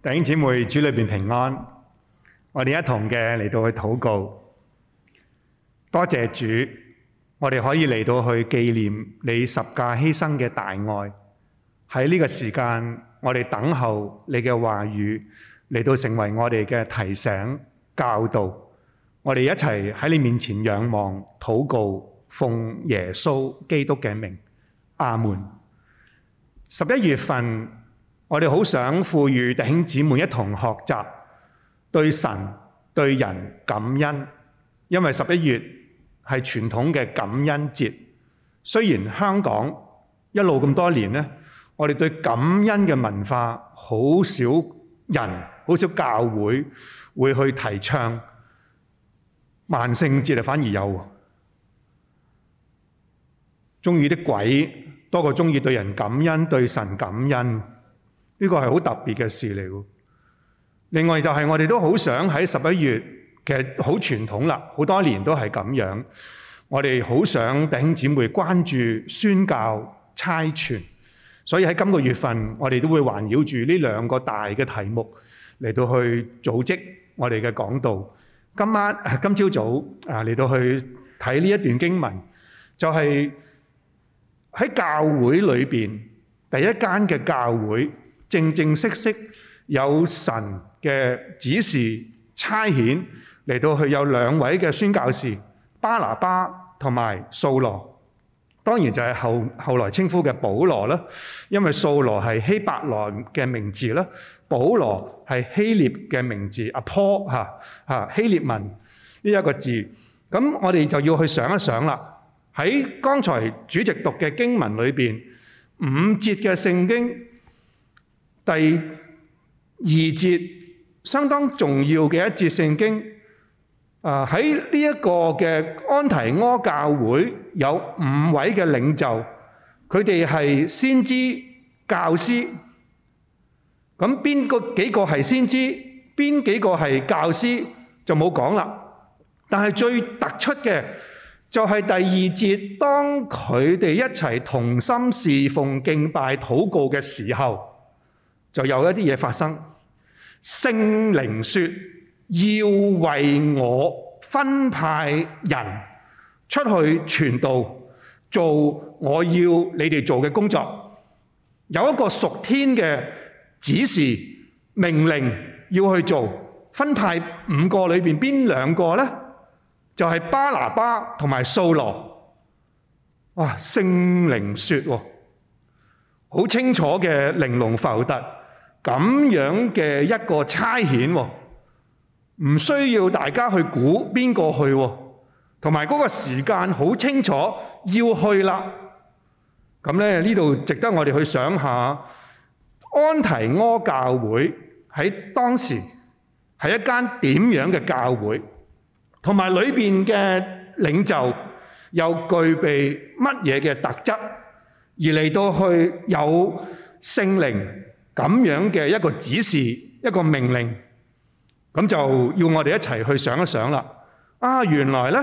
弟兄姊妹，主裏面平安，我哋一同嘅嚟到去禱告，多謝主，我哋可以嚟到去紀念你十架犧牲嘅大愛。喺呢個時間，我哋等候你嘅話語嚟到成為我哋嘅提醒教導。我哋一齊喺你面前仰望禱告，奉耶穌基督嘅名，阿門。十一月份。我哋好想呼籲弟兄姊妹一同學習對神對人感恩，因為十一月係傳統嘅感恩節。雖然香港一路咁多年呢，我哋對感恩嘅文化好少人，好少教會會去提倡萬聖節，就反而有中意啲鬼多過中意對人感恩、對神感恩。呢個係好特別嘅事嚟喎。另外就係我哋都好想喺十一月，其實好傳統啦，好多年都係咁樣。我哋好想弟兄姊妹關注宣教差傳，所以喺今個月份我哋都會環繞住呢兩個大嘅題目嚟到去組織我哋嘅講道。今晚今朝早啊，嚟到去睇呢一段經文，就係喺教會裏邊第一間嘅教會。正正式式有神嘅指示差遣嚟到去有兩位嘅宣教士巴拿巴同埋掃羅，當然就係後後來稱呼嘅保羅啦。因為掃羅係希伯來嘅名字啦，保羅係希臘嘅名字，阿坡嚇嚇希臘文呢一個字。咁我哋就要去想一想啦。喺剛才主席讀嘅經文裏面，五節嘅聖經。第就有一啲嘢發生，聖靈說要為我分派人出去傳道，做我要你哋做嘅工作，有一個屬天嘅指示命令要去做，分派五個裏面邊兩個呢，就係巴拿巴同埋掃羅。哇！聖靈說喎，好清楚嘅玲瓏浮凸。咁樣嘅一個差遣，唔需要大家去估邊個去，同埋嗰個時間好清楚要去啦。咁咧，呢度值得我哋去想下，安提阿教會喺當時係一間點樣嘅教會，同埋裏邊嘅領袖又具備乜嘢嘅特質，而嚟到去有聖靈。咁樣嘅一個指示，一個命令，咁就要我哋一齊去想一想啦。啊，原來咧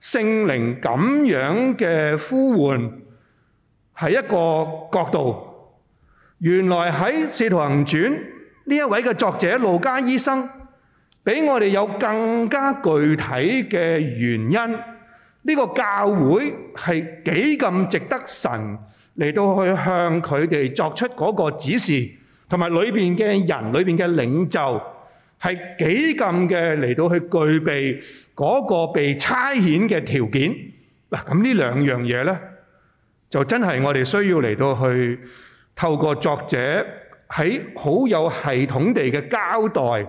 聖靈咁樣嘅呼喚係一個角度。原來喺《四徒行傳使徒行傳》呢一位嘅作者路加醫生，俾我哋有更加具體嘅原因。呢個教會係幾咁值得神？嚟到去向佢哋作出嗰個指示，同埋裏邊嘅人，裏邊嘅領袖係幾咁嘅嚟到去具備嗰個被差遣嘅條件。嗱，咁呢兩樣嘢咧，就真係我哋需要嚟到去透過作者喺好有系統地嘅交代，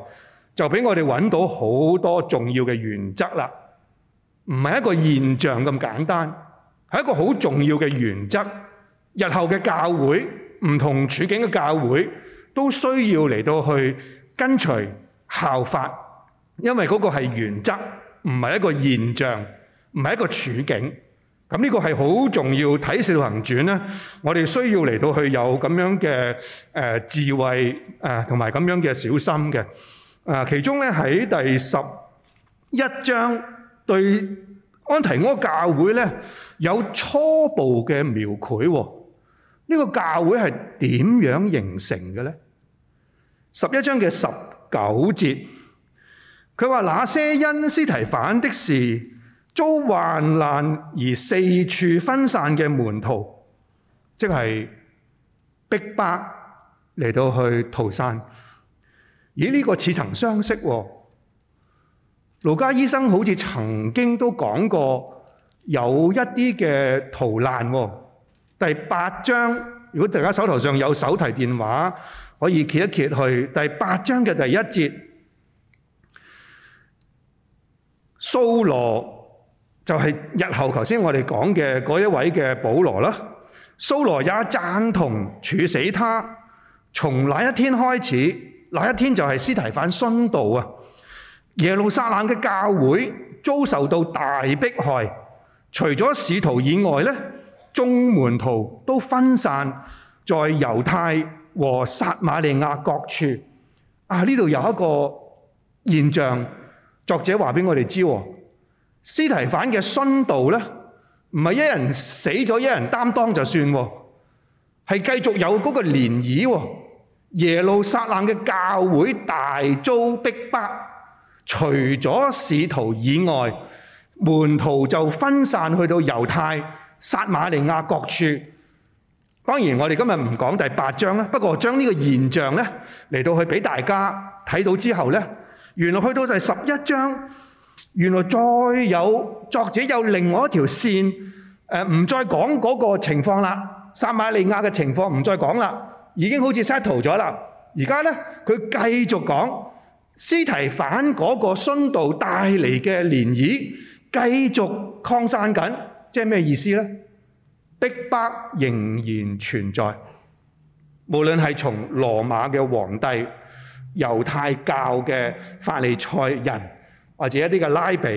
就俾我哋揾到好多重要嘅原則啦。唔係一個現象咁簡單，係一個好重要嘅原則。日後嘅教會，唔同處境嘅教會，都需要嚟到去跟隨效法。因為嗰個係原則，唔係一個現象，唔係一個處境。咁呢個係好重要。睇使徒行傳呢，我哋需要嚟到去有咁樣嘅，呃，智慧，呃，同埋咁樣嘅小心嘅。其中呢，喺第十一章，對，安提阿教會呢，有初步嘅描繪喎。呢、這個教會係點樣形成嘅呢？十一章嘅十九節，佢話那些因斯提反的事遭患難而四處分散嘅門徒，即係逼迫嚟到去逃散。咦？呢、這個似曾相識，盧家醫生好似曾經都講過有一啲嘅逃難。第八章，如果大家手頭上有手提電話，可以揭一揭去第八章嘅第一節。掃羅就係日後頭先我哋講嘅嗰一位嘅保羅啦。掃羅也贊同處死他。從那一天開始，那一天就係司提反殉道啊！耶路撒冷嘅教會遭受到大迫害，除咗使徒以外咧。中門徒都分散在猶太和撒瑪利亞各處。啊，呢度有一個現象，作者話俾我哋知：斯提反嘅殉道咧，唔係一人死咗一人擔當就算，係繼續有嗰個漣漪。耶路撒冷嘅教會大遭逼迫，除咗使徒以外，門徒就分散去到猶太。撒馬利亞各處，當然我哋今日唔講第八章啦。不過將呢個現象咧嚟到去俾大家睇到之後呢，原來去到就係十一章，原來再有作者有另外一條線，誒唔再講嗰個情況啦。撒瑪利亞嘅情況唔再講啦，已經好似 settle 咗啦。而家咧佢繼續講斯提反嗰個殉道帶嚟嘅漣漪，繼續擴散緊。即係咩意思呢？逼迫仍然存在，無論係從羅馬嘅皇帝、猶太教嘅法利賽人或者一啲嘅拉比，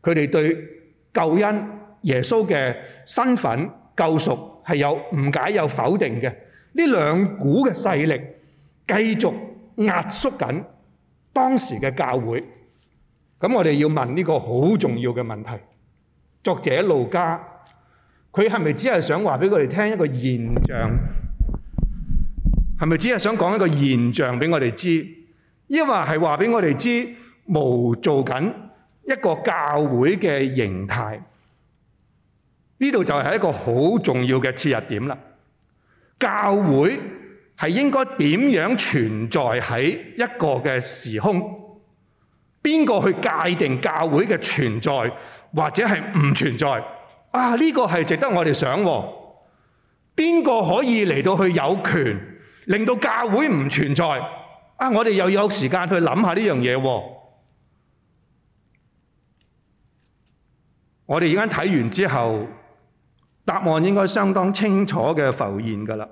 佢哋對救恩、耶穌嘅身份、救贖係有誤解、有否定嘅。呢兩股嘅勢力繼續壓縮緊當時嘅教會。咁我哋要問呢個好重要嘅問題。作者路加，佢係咪只係想話俾我哋聽一個現象？係咪只係想講一個現象俾我哋知？抑或係話俾我哋知冇做緊一個教會嘅形態？呢度就係一個好重要嘅切入點啦。教會係應該點樣存在喺一個嘅時空？邊個去界定教會嘅存在？或者係唔存在啊？呢個係值得我哋想喎，邊個可以嚟到去有權令到教會唔存在啊？我哋又要有時間去諗下呢樣嘢。我哋而家睇完之後，答案應該相當清楚嘅浮現噶啦。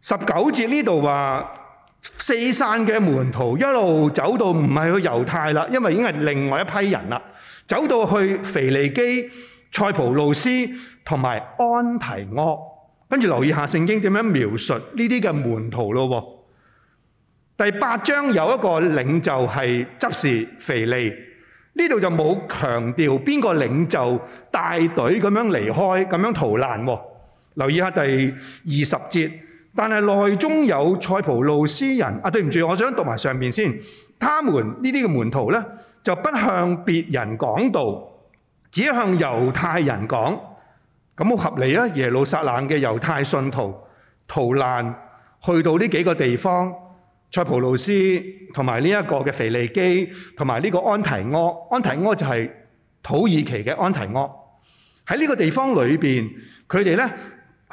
十九節呢度話。四散嘅門徒一路走到唔係去猶太啦，因為已經係另外一批人啦。走到去腓尼基、塞浦路斯同埋安提阿，跟住留意一下聖經點樣描述呢啲嘅門徒咯。第八章有一個領袖係執事腓利，呢度就冇強調邊個領袖帶隊咁樣離開、咁樣逃難。留意一下第二十節。但係內中有塞浦路斯人，啊對唔住，我想讀埋上面先。佢哋呢啲嘅門徒呢，就不向別人講道，只向猶太人講。咁好合理啊！耶路撒冷嘅猶太信徒逃難去到呢幾個地方，塞浦路斯同埋呢一個嘅腓尼基，同埋呢個安提阿。安提阿就係土耳其嘅安提阿。喺呢個地方裏面，佢哋呢，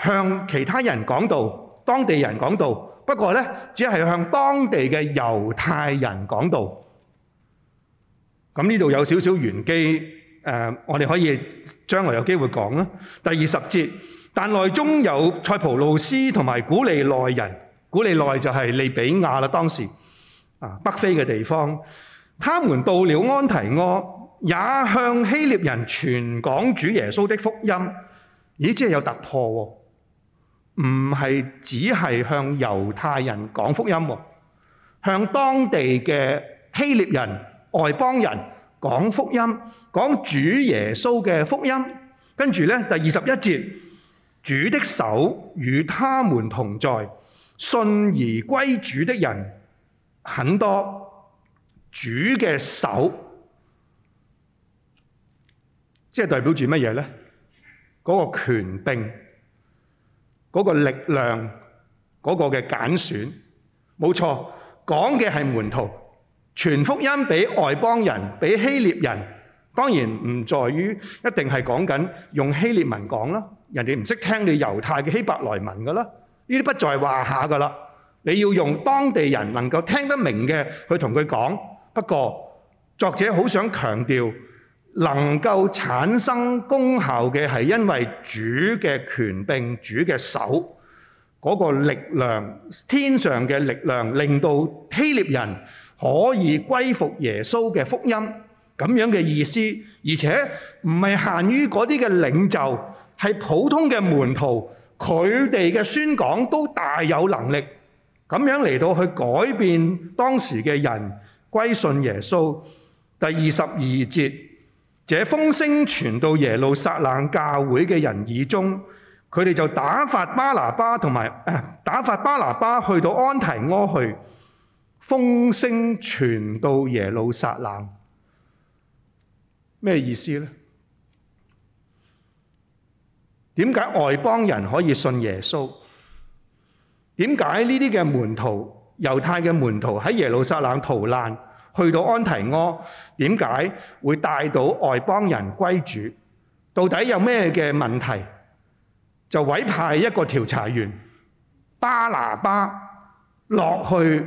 向其他人講道。當地人講道，不過咧，只係向當地嘅猶太人講道。咁呢度有少少玄機，誒，我哋可以將來有機會講啦。第二十節，但內中有塞浦路斯同埋古利奈人，古利奈就係利比亞啦，當時啊北非嘅地方。他們到了安提阿，也向希臘人傳講主耶穌的福音。咦，即係有突破喎！唔係只係向猶太人講福音喎，向當地嘅希臘人、外邦人講福音，講主耶穌嘅福音。跟住呢，第二十一節，主的手與他們同在，信而歸主的人很多。主嘅手，即係代表住乜嘢呢？嗰個權柄。嗰個力量，嗰個嘅揀選，冇錯，講嘅係門徒傳福音俾外邦人，俾希臘人，當然唔在於一定係講緊用希臘文講啦，人哋唔識聽你猶太嘅希伯來文噶啦，呢啲不在話下噶啦，你要用當地人能夠聽得明嘅去同佢講。不過作者好想強調，能夠產生功效嘅係因為主嘅權柄、主嘅手。這風聲傳到耶路撒冷教會嘅人耳中，佢哋就打發巴拿巴同埋打發巴拿巴去到安提阿去。風聲傳到耶路撒冷，咩意思呢？點解外邦人可以信耶穌？點解呢啲嘅門徒、猶太嘅門徒喺耶路撒冷逃難？去到安提阿，點解會帶到外邦人歸主？到底有咩嘅問題？就委派一個調查員巴拿巴落去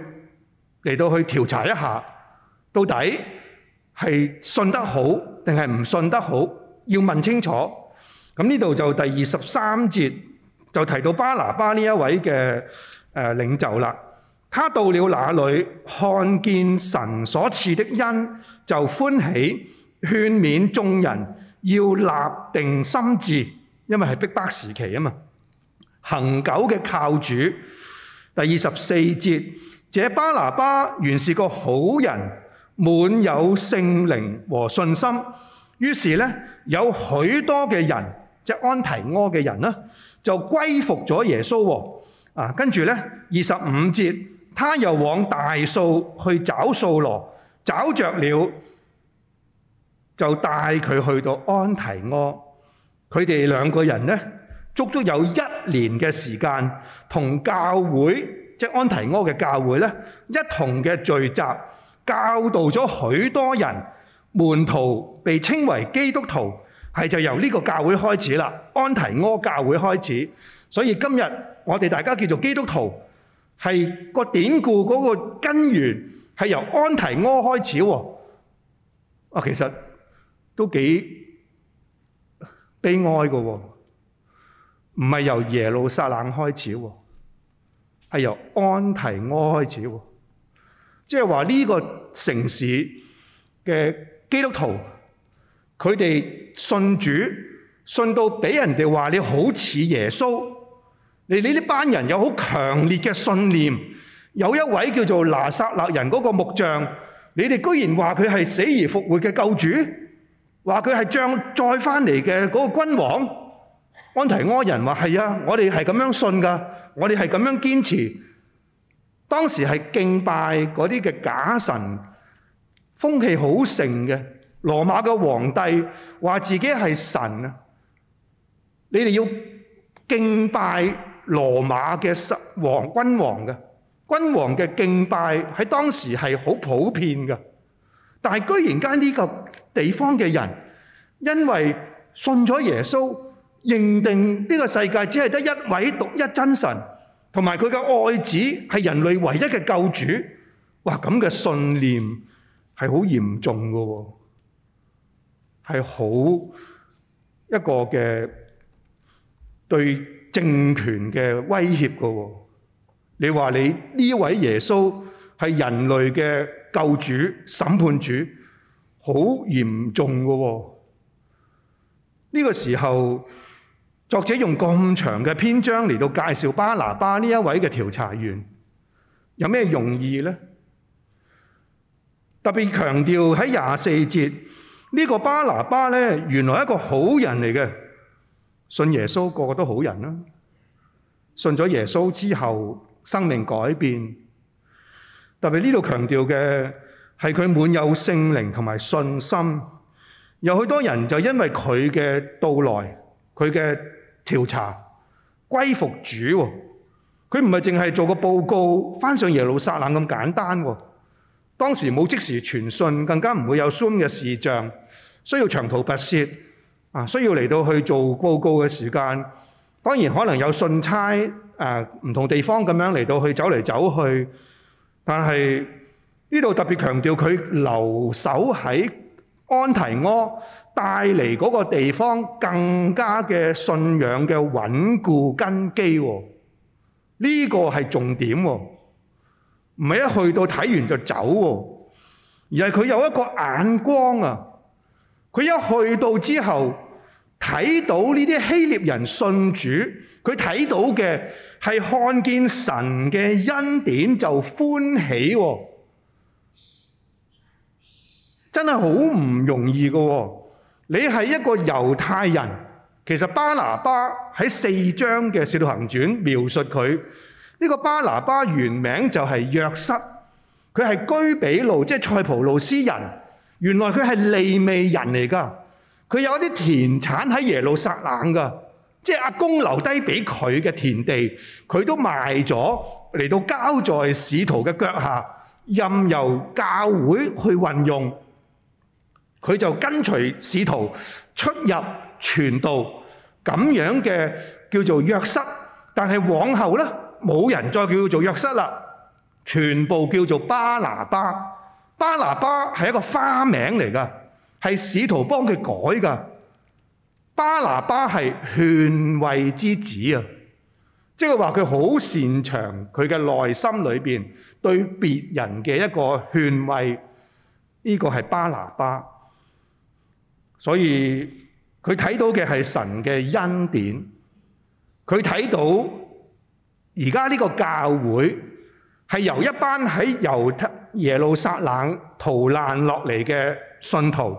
嚟到去調查一下，到底係信得好定係唔信得好？要問清楚。咁呢度就第二十三節就提到巴拿巴呢一位嘅誒領袖啦。他到了那裏，看見神所賜的恩就歡喜，勸勉眾人要立定心志，因為是逼迫時期啊嘛。恒久嘅靠主。第二十四節，這巴拿巴原是個好人，滿有聖靈和信心。於是呢，有許多嘅人，即、就是、安提阿嘅人呢就歸服咗耶穌。啊，跟住呢，二十五節。他又往大數去找掃羅，找著了。係個典故嗰個根源係由安提阿開始喎，啊，其實都幾悲哀嘅喎，唔係由耶路撒冷開始喎，係由安提阿開始喎，即係話呢個城市嘅基督徒佢哋信主信到俾人哋話你好似耶穌。你你呢班人有好強烈嘅信念，有一位叫做拿撒勒人嗰個木匠，你哋居然話佢係死而復活嘅救主，話佢係將再翻嚟嘅嗰個君王。安提阿人話係啊，我哋係咁樣信㗎，我哋係咁樣堅持。當時係敬拜嗰啲嘅假神，風氣好盛嘅。羅馬嘅皇帝話自己係神啊，你哋要敬拜。羅馬嘅王君王嘅君王嘅敬拜喺當時係好普遍嘅，但係居然間呢個地方嘅人因為信咗耶穌，認定呢個世界只係得一位獨一真神，同埋佢嘅愛子係人類唯一嘅救主。哇！咁嘅信念係好嚴重嘅喎，係好一個嘅對，政權嘅威脅㗎喎，你話你呢位耶穌係人類嘅救主、審判主，好嚴重㗎喎。呢個時候，作者用咁長嘅篇章嚟到介紹巴拿巴呢一位嘅調查員，有咩用意呢？特別強調喺廿四節，呢個巴拿巴呢，原來係一個好人嚟嘅。信耶穌個個都好人啦、啊，信咗耶穌之後生命改變。特別呢度強調嘅係佢滿有聖靈同埋信心。有許多人就因為佢嘅到來，佢嘅調查歸服主。佢唔係淨係做個報告，翻上耶路撒冷咁簡單。當時冇即時傳信，更加唔會有 Zoom 嘅視像，需要長途跋涉。啊，需要嚟到去做報告嘅時間，當然可能有信差，誒唔同地方咁樣嚟到去走嚟走去，但係呢度特別強調佢留守喺安提阿帶嚟嗰個地方更加嘅信仰嘅穩固根基，呢個係重點喎，唔係一去到睇完就走喎，而係佢有一個眼光啊。佢一去到之後，睇到呢啲希臘人信主，佢睇到嘅係看見神嘅恩典就歡喜喎，真係好唔容易㗎喎。你係一個猶太人，其實巴拿巴喺四章嘅使徒行傳描述佢呢、呢個巴拿巴原名就係約瑟，佢係居比路，即係塞浦路斯人。原來佢係利未人嚟㗎，佢有一啲田產喺耶路撒冷㗎，即係阿公留低俾佢嘅田地，佢都賣咗嚟到交在使徒嘅腳下，任由教會去運用。佢就跟隨使徒出入傳道，噉樣嘅叫做約瑟。但係往後呢，沒冇人再叫做約瑟喇，全部叫做巴拿巴。巴拿巴係一個花名嚟噶，係使徒幫佢改噶。巴拿巴係勸慰之子啊，即係話佢好擅長，佢嘅內心裏邊對別人嘅一個勸慰，呢個係巴拿巴。所以佢睇到嘅係神嘅恩典，佢睇到而家呢個教會係由一班喺猶耶路撒冷逃難落嚟嘅信徒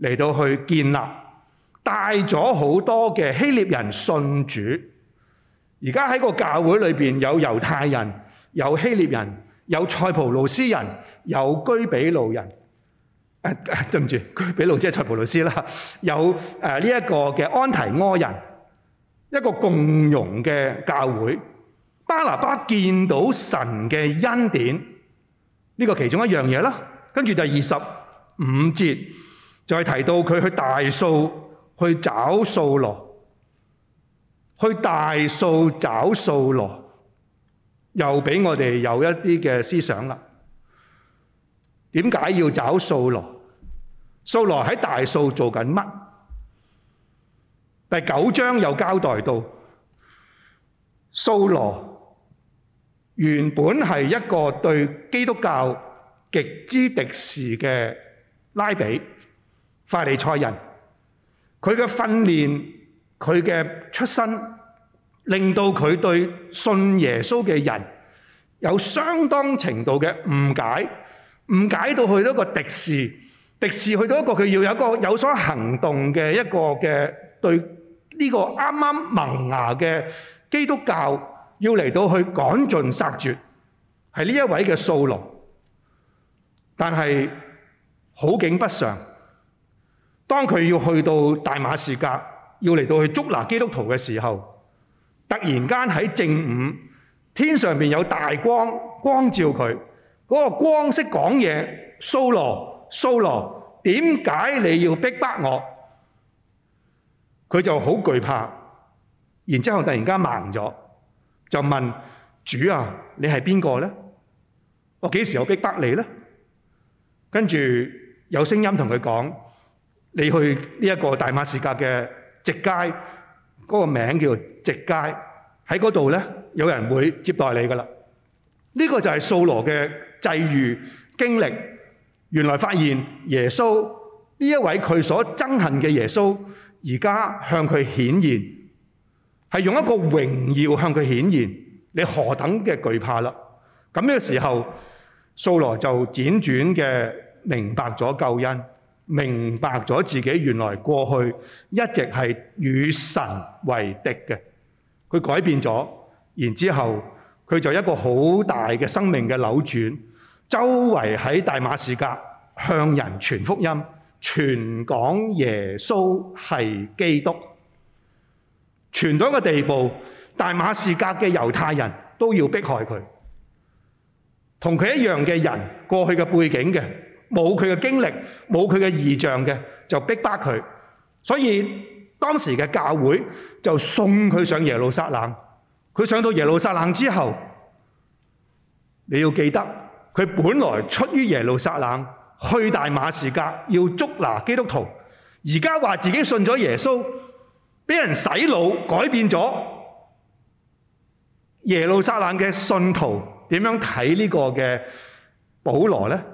嚟到去建立，帶咗好多嘅希臘人信主。而家喺個教會裏面，有猶太人、有希臘人、有塞浦路斯人、有居比路人。誒、啊，對唔住，居比路即係塞浦路斯啦。有呢一個嘅安提阿人，一個共融嘅教會。巴拿巴見到神嘅恩典。呢個其中一樣嘢啦，跟住第二十五節就係提到佢去大數去找掃羅，去大數找掃羅，又俾我哋有一啲嘅思想啦。點解要找掃羅？掃羅喺大數做緊乜？第九章又交代到掃羅。原本係一個對基督教極之敵視嘅拉比，法利賽人，佢嘅訓練、佢嘅出身，令到佢對信耶穌嘅人有相當程度嘅誤解，誤解到去到一個敵視，敵視去到一個佢要有一個有所行動嘅一個嘅對呢個啱啱萌芽嘅基督教。要嚟到去趕盡殺絕，係呢一位嘅掃羅。但係好景不常，當佢要去到大馬士革，要嚟到去捉拿基督徒嘅時候，突然間喺正午天上邊有大光光照佢，嗰個光識講嘢，掃羅掃羅，點解你要逼迫我？佢就好懼怕，然之後突然間盲咗。就問，主啊，你係邊個呢？我幾時有逼迫你呢？跟住，有聲音同佢講，你去呢個大馬士革的直街，嗰個名叫直街，喺嗰度呢，有人會接待你㗎喇。呢個就係掃羅的際遇經歷。原來發現，耶穌，呢一位佢所憎恨的耶穌，而家向佢顯現，係用一個榮耀向佢顯現，你何等嘅懼怕啦！咁呢個時候，掃羅就輾轉嘅明白咗救恩，明白咗自己原來過去一直係與神為敵嘅，佢改變咗，然之後佢就一個好大嘅生命嘅扭轉，周圍喺大馬士革向人傳福音，傳講耶穌係基督。傳到一個地步，大馬士革嘅猶太人都要迫害佢，同佢一樣嘅人，過去嘅背景嘅，冇佢嘅經歷，冇佢嘅意象嘅，就逼迫巴佢。所以當時嘅教會就送佢上耶路撒冷。佢上到耶路撒冷之後，你要記得，佢本來出於耶路撒冷去大馬士革要捉拿基督徒，而家話自己信咗耶穌。被人洗腦改變咗，耶路撒冷嘅信徒點樣睇呢個嘅保羅呢？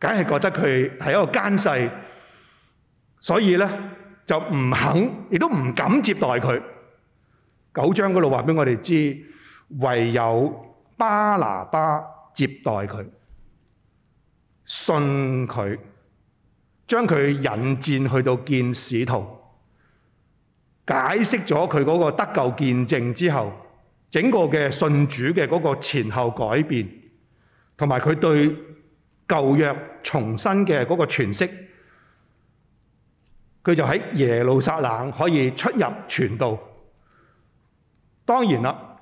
梗係覺得佢係一個奸細，所以呢就唔肯亦都唔敢接待佢。九章嗰度話俾我哋知，唯有巴拿巴接待佢，信佢，將佢引見去到見使徒。解釋咗佢嗰個得救見證之後，整個嘅信主嘅嗰個前後改變，同埋佢對舊約重新嘅嗰個詮釋，佢就喺耶路撒冷可以出入傳道。當然啦，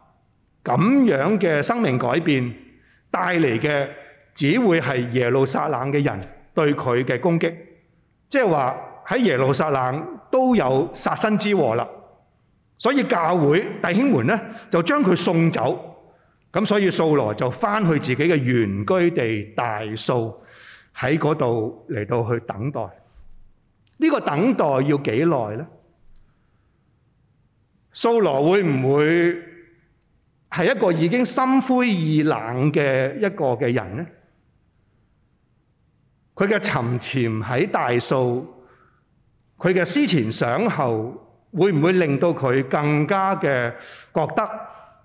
咁樣嘅生命改變帶嚟嘅，只會係耶路撒冷嘅人對佢嘅攻擊，即係話。喺耶路撒冷都有殺身之禍啦，所以教會弟兄們呢就將佢送走，咁所以掃羅就返去自己嘅原居地大數喺嗰度嚟到去等待。呢個等待要幾耐呢？掃羅會唔會係一個已經心灰意冷嘅一個嘅人呢？佢嘅沉潛喺大數。佢嘅思前想後，會唔會令到佢更加嘅覺得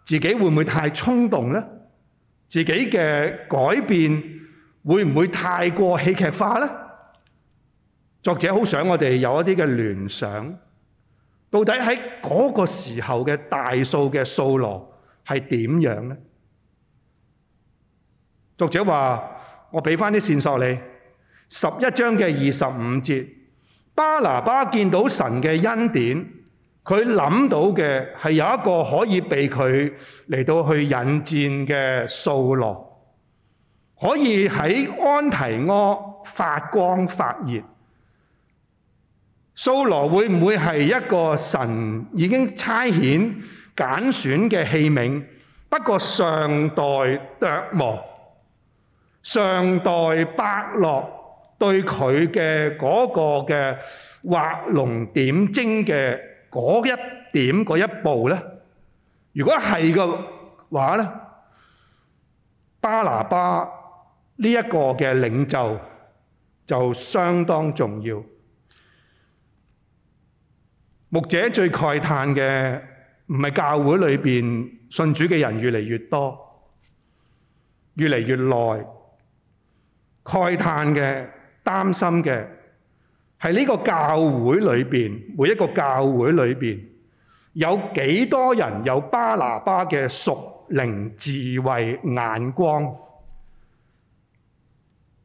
自己會唔會太衝動呢？自己嘅改變會唔會太過戲劇化呢？作者好想我哋有一啲嘅聯想，到底喺嗰個時候嘅大數嘅掃羅係點樣呢？作者話：我俾返啲線索你，十一章嘅二十五節。巴拿巴見到神嘅恩典，佢諗到嘅係有一個可以被佢嚟到去引薦嘅掃羅，可以喺安提阿發光發熱。掃羅會唔會係一個神已經差遣揀選嘅器皿？不過上代琢磨，上代伯樂。對佢嘅嗰個嘅畫龍點睛嘅嗰一點嗰一步咧，如果係嘅話咧，巴拿巴呢一個嘅領袖就相當重要。牧者最慨嘆嘅唔係教會裏邊信主嘅人越嚟越多，越嚟越耐，慨嘆嘅。擔心嘅係呢個教會裏面，每一個教會裏面有幾多人有巴拿巴嘅屬靈智慧眼光？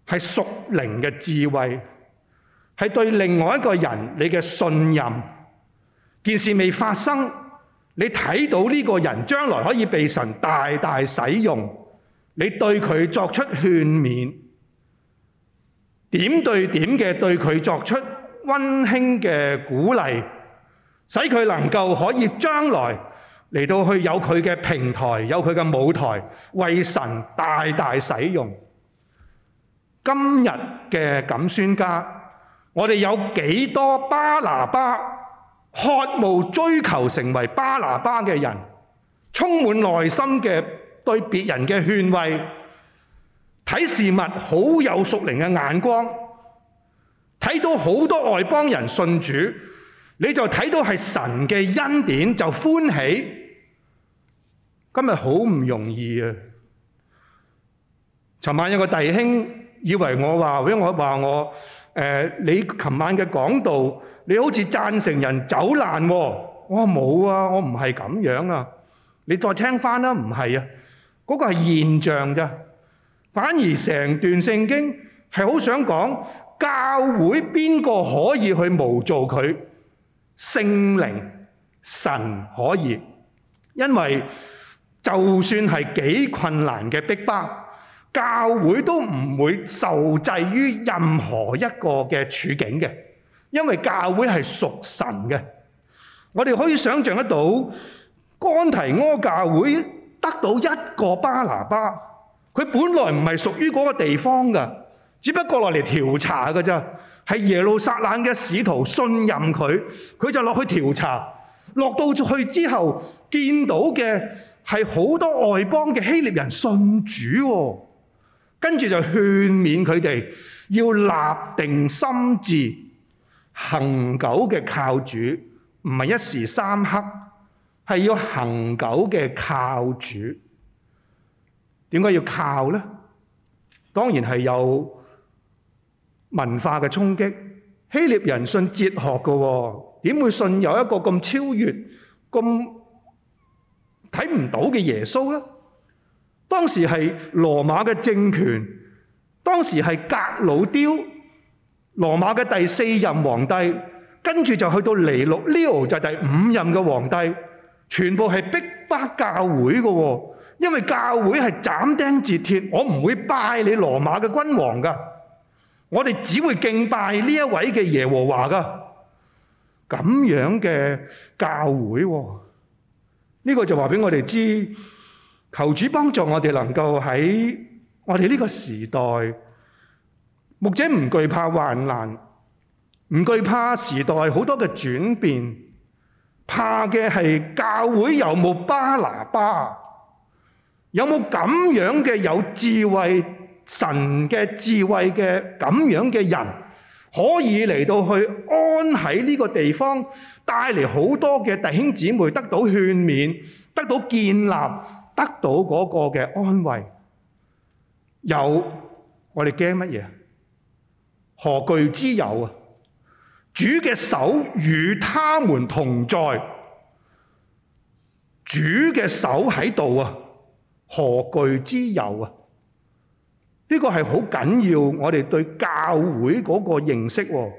係屬靈嘅智慧，係對另外一個人你嘅信任。件事未發生，你睇到呢個人將來可以被神大大使用，你對佢作出勸勉。點對點嘅對佢作出溫馨嘅鼓勵，使佢能夠可以將來嚟到去有佢嘅平台，有佢嘅舞台，為神大大使用。今日嘅錦宣家，我哋有幾多巴拿巴渴慕追求成為巴拿巴嘅人，充滿內心嘅對別人嘅勸慰。睇事物好有屬靈嘅眼光，睇到好多外邦人信主，你就睇到係神嘅恩典，就歡喜。今日好唔容易啊！尋晚有個弟兄以為我話俾我話我誒、呃，你尋晚嘅講道，你好似贊成人走難喎。我話冇啊，我唔係咁樣啊。你再聽返啦，唔係啊，嗰、那個係現象啫。反而成段聖經係好想講，教會邊個可以去無助佢？聖靈、神可以，因為就算係幾困難嘅逼迫，教會都唔會受制於任何一個嘅處境嘅，因為教會係屬神嘅。我哋可以想像得到，安提阿教會得到一個巴拿巴。佢本來唔係屬於嗰個地方㗎，只不過落嚟調查㗎啫。係耶路撒冷嘅使徒信任佢，佢就落去調查。落到去之後，見到嘅係好多外邦嘅希臘人信主喎，哦，跟住就勸勉佢哋要立定心志，恒久嘅靠主，唔係一時三刻，係要恒久嘅靠主。應該要靠咧，當然係有文化嘅衝擊。希臘人信哲學噶，點會信有一個咁超越、咁睇唔到嘅耶穌咧？當時係羅馬嘅政權，當時係革老丟，羅馬嘅第四任皇帝，跟住就去到尼祿，尼奧就第五任嘅皇帝，全部係逼迫教會噶。因為教會係斬釘截鐵，我唔會拜你羅馬嘅君王㗎，我哋只會敬拜呢一位嘅耶和華㗎。噉樣嘅教會，呢個就話畀我哋知，求主幫助我哋能夠喺我哋呢個時代，牧者唔懼怕患難，唔懼怕時代好多嘅轉變，怕嘅係教會有冇巴拿巴。有冇有這樣嘅有智慧神嘅智慧嘅這樣嘅人，可以嚟到去安喺呢個地方，帶嚟好多嘅弟兄姊妹得到勸勉，得到建立，得到嗰個嘅安慰。有我哋驚乜嘢？何懼之有啊？主嘅手與他們同在，主嘅手喺度啊！何懼之有啊？呢個係好緊要，我哋對教會嗰個認識喎。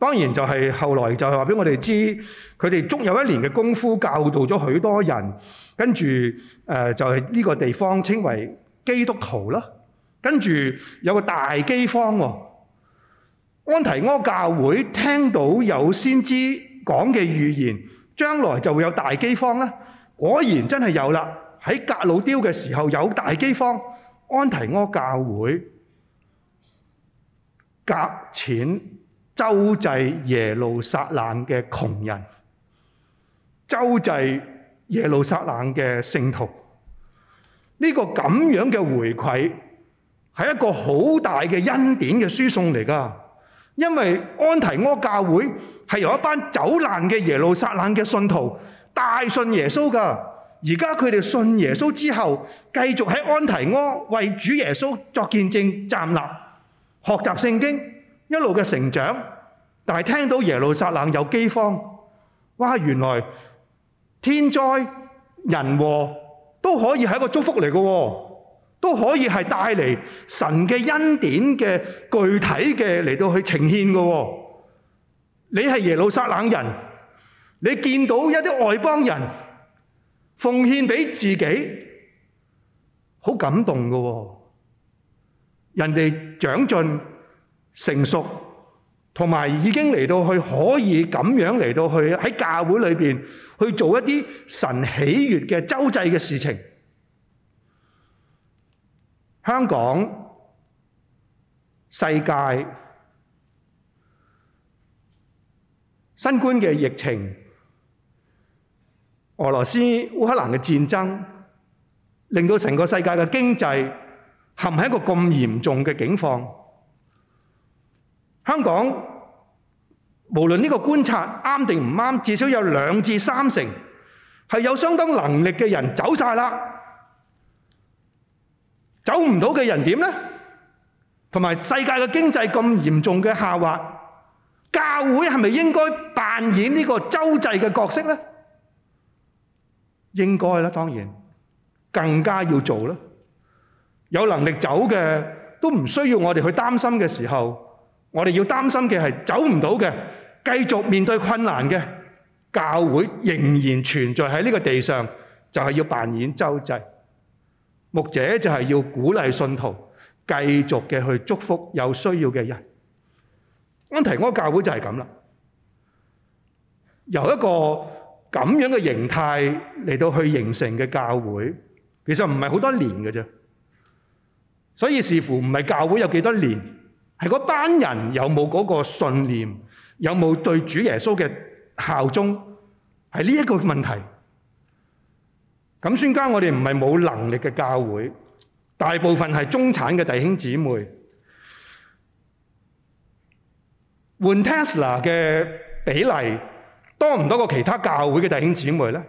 當然就係後來就係話俾我哋知，佢哋足有一年嘅功夫教導咗許多人，跟住誒就係呢個地方稱為基督徒啦。跟住有個大饑荒喎，安提柯、安提阿教會聽到有先知講嘅預言，將來就會有大饑荒咧。果然真係有啦。喺格老丟嘅時候有大饑荒，安提阿教會夾錢周濟耶路撒冷嘅窮人，周濟耶路撒冷嘅聖徒。呢個咁樣嘅回饋係一個好大嘅恩典嘅輸送嚟噶，因為安提阿教會係由一班走難嘅耶路撒冷嘅信徒大信耶穌噶。而家佢哋信耶穌之後，繼續喺安提阿為主耶穌作見證站立，學習聖經，一路嘅成長。但係聽到耶路撒冷有饑荒，哇！原來天災人禍都可以係一個祝福嚟嘅，都可以係帶嚟神嘅恩典嘅具體嘅嚟到去呈現嘅。你係耶路撒冷人，你見到一啲外邦人。奉獻俾自己，好感動㗎喎。人哋長進、成熟，同埋已經嚟到去可以咁樣嚟到去喺教會裏面去做一啲神喜悅嘅周濟嘅事情。香港、世界、新冠嘅疫情。俄羅斯烏克蘭嘅戰爭令到成個世界嘅經濟陷喺一個咁嚴重嘅境況。香港無論呢個觀察啱定唔啱，至少有兩至三成係有相當能力嘅人走晒啦。走唔到嘅人點呢？同埋世界嘅經濟咁嚴重嘅下滑，教會係是咪是應該扮演呢個周濟嘅角色呢？應該啦，當然更加要做啦。有能力走嘅都唔需要我哋去擔心嘅時候，我哋要擔心嘅係走唔到嘅，繼續面對困難嘅教會仍然存在喺呢個地上，就係要扮演周濟牧者，就係要鼓勵信徒繼續嘅去祝福有需要嘅人。安提阿教會就係咁啦，由一個。咁樣嘅形態嚟到去形成嘅教會，其實唔係好多年嘅啫。所以視乎唔係教會有幾多年，係嗰班人有冇嗰個信念，有冇對主耶穌嘅效忠，係呢一個問題。咁，宣教我哋唔係冇能力嘅教會，大部分係中產嘅弟兄姊妹，換 Tesla 嘅比例，多唔多過其他教會嘅弟兄姐妹呢？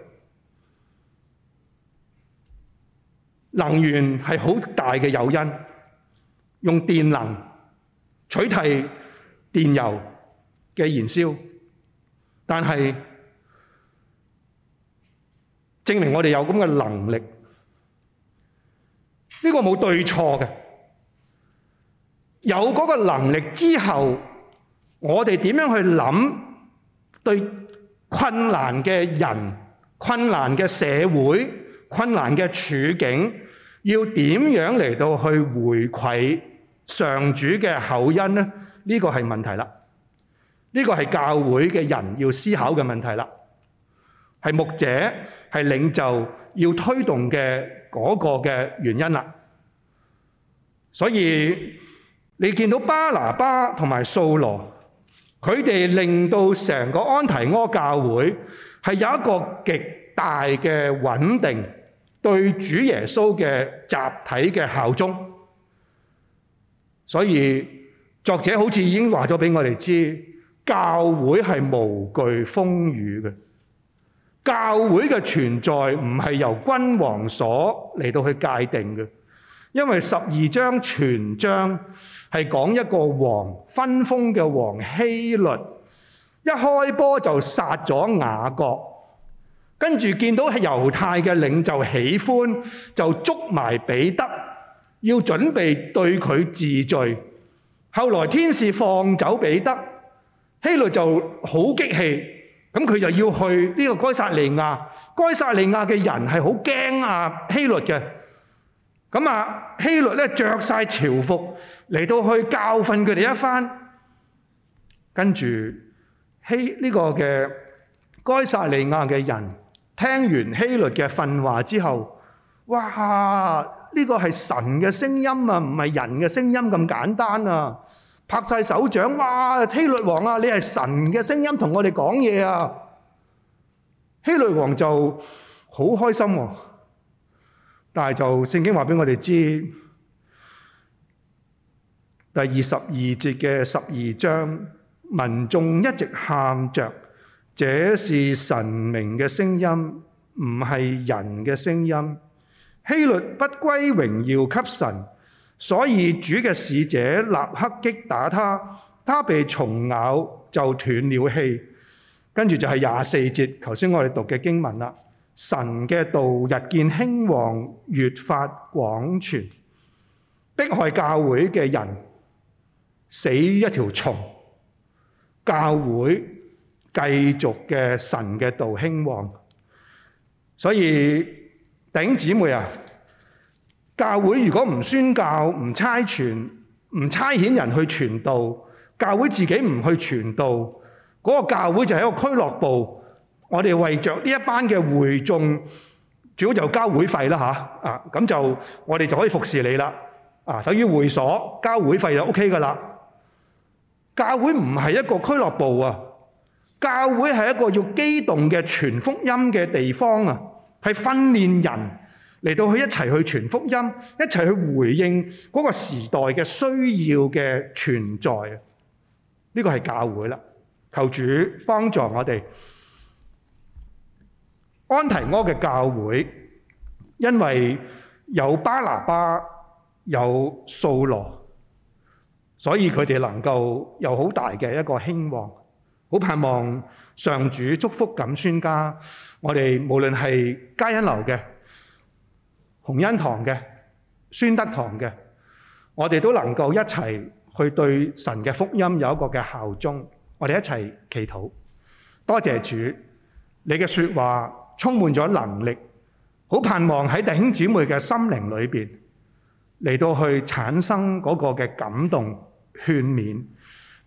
能源係好大嘅誘因，用電能取替電油嘅燃燒，但係證明我哋有咁嘅能力，呢個冇對錯嘅。有嗰個能力之後，我哋點樣去諗對？困難嘅人、困難嘅社會、困難嘅處境，要點樣嚟到去回饋上主嘅厚恩呢？呢個係問題啦，呢個係教會嘅人要思考嘅問題啦，係牧者係領袖要推動嘅嗰個嘅原因啦。所以你見到巴拿巴同埋掃羅。佢哋令到成個安提阿教會係有一個極大嘅穩定，對主耶穌嘅集體嘅效忠。所以作者好似已經話咗畀我哋知，教會係無懼風雨嘅，教會嘅存在唔係由君王所嚟到去界定嘅。因為十二章全章係講一個王分封嘅王希律，一開波就殺咗雅各，跟住見到係猶太嘅領袖喜歡，就捉埋彼得，要準備對佢治罪。後來天使放走彼得，希律就好激氣，咁佢就要去呢個該撒利亞，該撒利亞嘅人係好驚啊希律嘅。咁啊，希律呢着晒朝服嚟到去教訓佢哋一番，跟住希呢個嘅該撒利亞嘅人聽完希律嘅訓話之後，哇！呢、這個係神嘅聲音啊，唔係人嘅聲音咁簡單啊！拍晒手掌，哇！希律王啊，你係神嘅聲音同我哋講嘢啊！希律王就好開心喎、啊。但係就聖經話俾我哋知，第二十二節嘅十二章，民眾一直喊着：這是神明嘅聲音，唔係人嘅聲音。希律不歸榮耀給神，所以主嘅使者立刻擊打他，他被蟲咬就斷了氣。跟住就係廿四節，頭先我哋讀嘅經文啦。神嘅道日見興旺，越發廣傳，迫害教會嘅人死於一條蟲，教會繼續嘅神嘅道興旺。所以弟兄姊妹啊，教會如果唔宣教、唔差傳、唔差遣人去傳道，教會自己唔去傳道，嗰、那個教會就係一個俱樂部。我哋為着呢一班嘅會眾，最好就交會費啦吓，啊咁、啊、就我哋就可以服侍你啦，啊，等於會所交會費就 OK 噶啦。教會唔係一個俱樂部啊，教會係一個要機動嘅傳福音嘅地方啊，係訓練人嚟到一起去一齊去傳福音，一齊去回應嗰個時代嘅需要嘅存在。啊。呢個係教會啦，求主幫助我哋。安提阿嘅教會，因為有巴拿巴有掃羅，所以佢哋能夠有好大嘅一個興旺，好盼望上主祝福咁宣家。我哋無論係嘉恩樓嘅、洪恩堂嘅、宣德堂嘅，我哋都能夠一齊去對神嘅福音有一個嘅效忠。我哋一齊祈禱，多謝主，你嘅說話。充滿咗能力，好盼望喺弟兄姊妹嘅心靈裏邊，嚟到去產生嗰個嘅感動勸勉，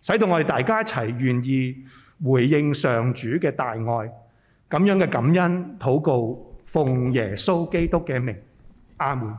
使到我哋大家一齊願意回應上主嘅大愛，咁樣嘅感恩，禱告奉耶穌基督嘅名，阿門。